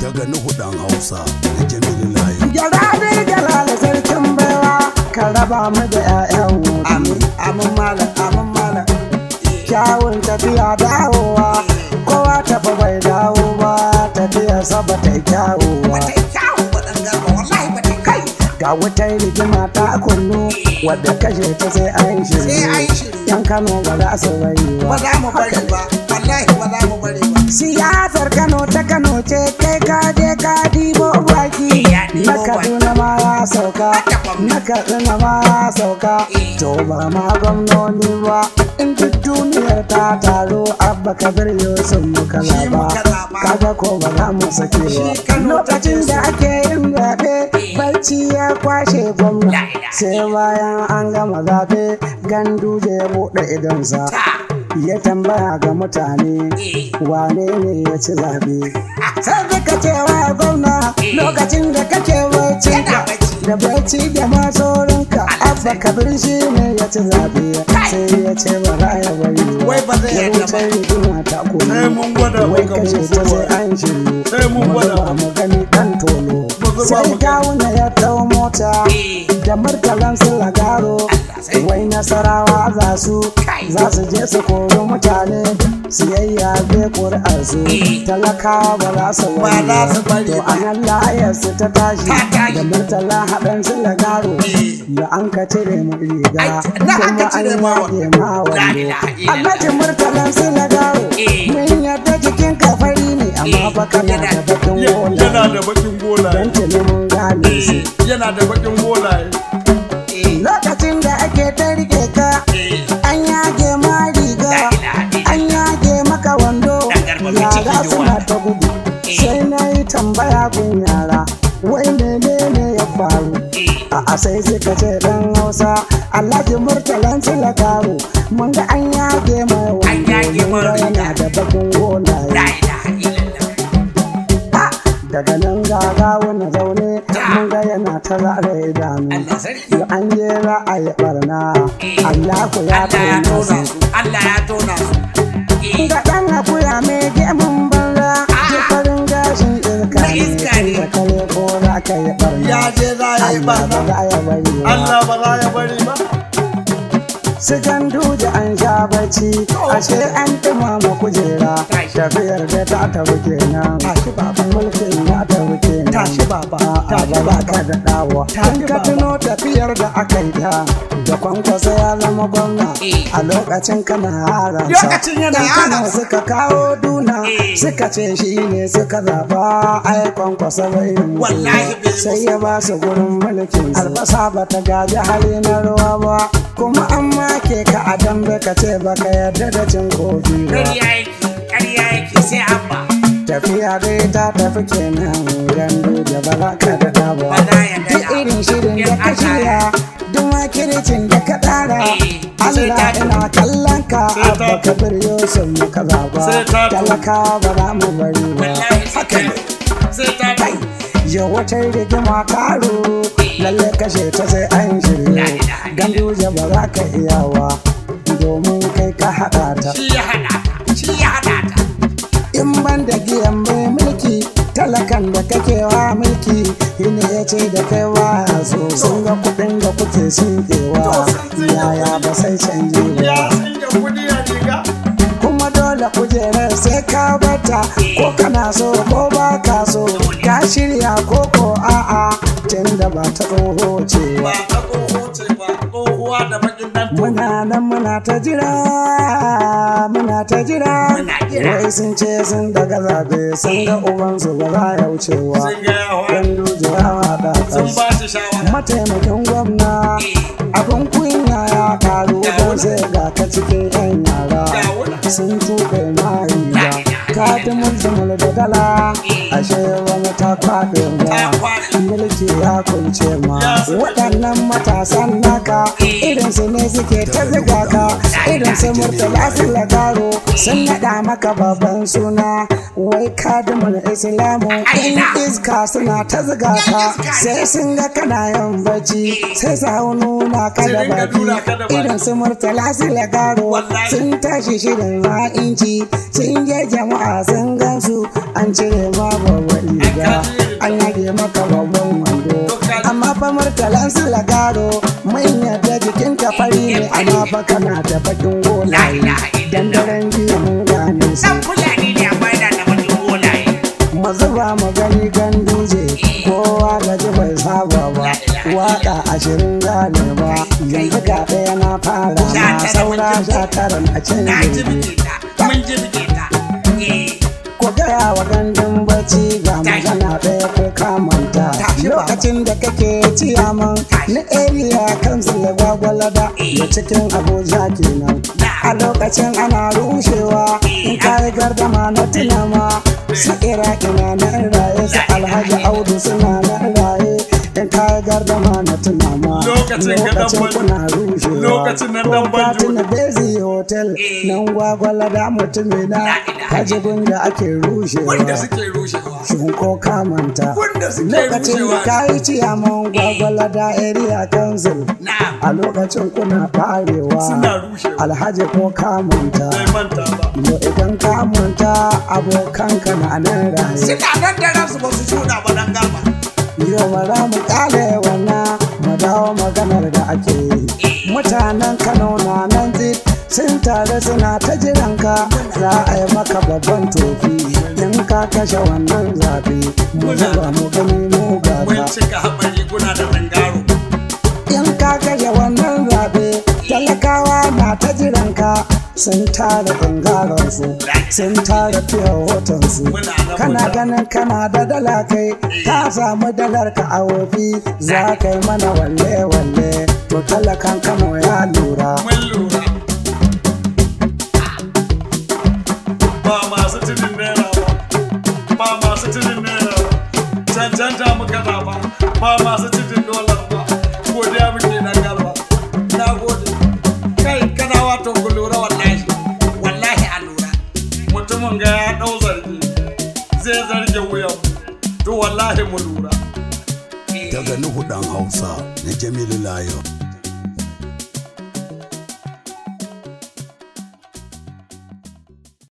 daga nuhu hausa da jamilu layi gyarabe da sarkin baiwa ka raba mu da 'ya'yan amin amin malam amin malam kyawun tafiya dawowa kowa fa bai dawo ba tafiya ba ta kyawu ba ga wata rigima ta kullu wadda kashe ta sai an shiru yan kano ba za su bari ba ba za mu bari ba wallahi ba za mu bari ba siyasa ka je ka dibo baki na kaduna ma sauka na kaduna ma sauka to ba ma gwamnoni ba in duk duniyar ta taro abba kabir yusuf muka ba kaga ko ba za mu sake ba lokacin da ake yin zaɓe eh. barci ya kwashe gwamna sai bayan an gama zaɓe gandu da ya buɗe idonsa ya tambaya ga mutane wane ne ya ci zaɓe. Sai duka cewa gwamna lokacin da kake barci da barci da masorinka abba kabir shi ne ya ci zaɓe sai ya ce ba ya bari wai ba zai yi gaba ya rigima ta kuma wai ce ta sai an shiru sai mun gwada mu gani kan tolo sai kawuna ya tau mota eh. da martalan sun lagaro wai nasarawa za su za su je su kori mutane siyayya be ƙuri'ar su eh. talakawa ba za su bari to anan layar su ta tashi da murtala haɗin su da garo eh. da an ka cire mu riga kuma an yi ma wani annati murtalan su da garo eh. mun yadda cikin kafari ne amma fa kana da bakin gola yana da bakin gola don tuni mun gane su yana da bakin gola tambaya kun yara wai menene ya faru eh. a sai suka ce dan hausa alhaji murtalan sila mun ga an yage mai wani yana da bakin gona daga nan ga gawuna zaune mun ga yana ta an je ra'ayi eh. Allah ku ya tona su Allah ya tona su ga dan akuya mai gemun iska ne ya ce za a yi ba za ya bari ba su gandu da an ja bacci ashe an ma kujera tafiyar da ta tabu kenan mulkin ya tabu kenan tashi baba tashi baba da dawo an ka tuno tafiyar da aka yi ta da kwankwasa ya zama gwamna eh. a lokacin kana haransa lokacin yana haransa suka kawo duna eh. suka ce shi ne suka zaba ai kwankwasa bai wallahi sai ya ba su gurin mulkin albasa ba ta gaji hali na ruwa ba kuma an make ka a dambe ka ce baka yarda da cin kofi ba tafiya dai ta tafi kenan yanzu da ba ka da ba Ta irin shirin da ka shirya duk kiricin da ka tsara eh, Allah ina kallon ka abba ka bar yosin mu ka zaba talaka ba za mu bari ba haka ne yau wata rigima karo eh. lalle kashe ta sai Kambuje ba za ka iyawa domin kai ka haɗa ta. Shi ya haɗa ta, In ban da giyan mai mulki talakan da kake wa mulki ne ya ce da kai wa so sun ga kuɗin da kuke sun kewa yaya ba sai canji ba. Kuma dole kujerar sai ka bata ko kana so ko ba ka so ka shirya ko ko a'a Tinda ba ta tsoho cewa. ba. kowa da bakin muna nan muna ta jira muna ta jira wai sun ce sun daga zabe sun ga uban su ba za ya wucewa dan dujirawa da kashi mataimakin gwamna eh. abin kunya ya karu don sai ga ka cikin yan yara sun tuka mahaifa ka ta mulzumul da dala eh. ashe wani ta kwaɗe ba mulki ya kunce ma waɗannan matasan naka idan su ne suke ta zuga ka idan su murtala su lagaro sun naɗa maka babban suna wai kadimul islamu in iska suna ta zuga ka sai sun ga kana yan baji sai su hau nuna ka da baki irin su murtala su lagaro sun tashi shirin ma'inci sun je jama'a sun gansu an cire ma babban riga an yage maka babban wando amma fa murtalan su lagaro manyan da fari amma fa kana da bakin golaye dan daren jiya mun gane su mu zuba mu gani ganduje kowa gaji bai saba ba waka ashirin gane ba yanzu ga ɗaya na fara na saura sha tara na canje eh. ko gaya wa gandun bacci ga magana ɗaya lokacin da kake ciyaman na area council gwagwalada da cikin abuja kenan a lokacin ana rushewa in kayi gardama na tunama su iraki na nan raye su alhaji audu suna nan raye na gardama na tunama lokacin kuna rushe lokacin na dan banjo na bezi hotel eh. nan gwagwala da mutumi na kaji gunda ake rushe wanda suke rushewa shin ko ka manta lokacin da kai ciyaman eh. gwagwala da area council a lokacin kuna farewa alhaji ko ka manta idan ka manta abokanka na nan raye suna nan da nasu ba su shuda ba dan gaba yau bara mu kale wannan mu dawo maganar da ake yi mutanen kano na nan zik sun tare suna ta jiranka za a yi maka babban tofi in ka kashe wannan zafi mu mu sun tara gangaransu sun tara fiye hotonsu kana ganin kana da dala kai ka samu dalar ka a wofi za ka yi mana walle walle to talakan kano ya lura ba masu tunin naira ba ba masu tunin naira ba ba masu tunin dolar ba godiya muke na galba na gode zai zarge wuyan to wallahi mu lura daga nuhu dan hausa na jamilu layo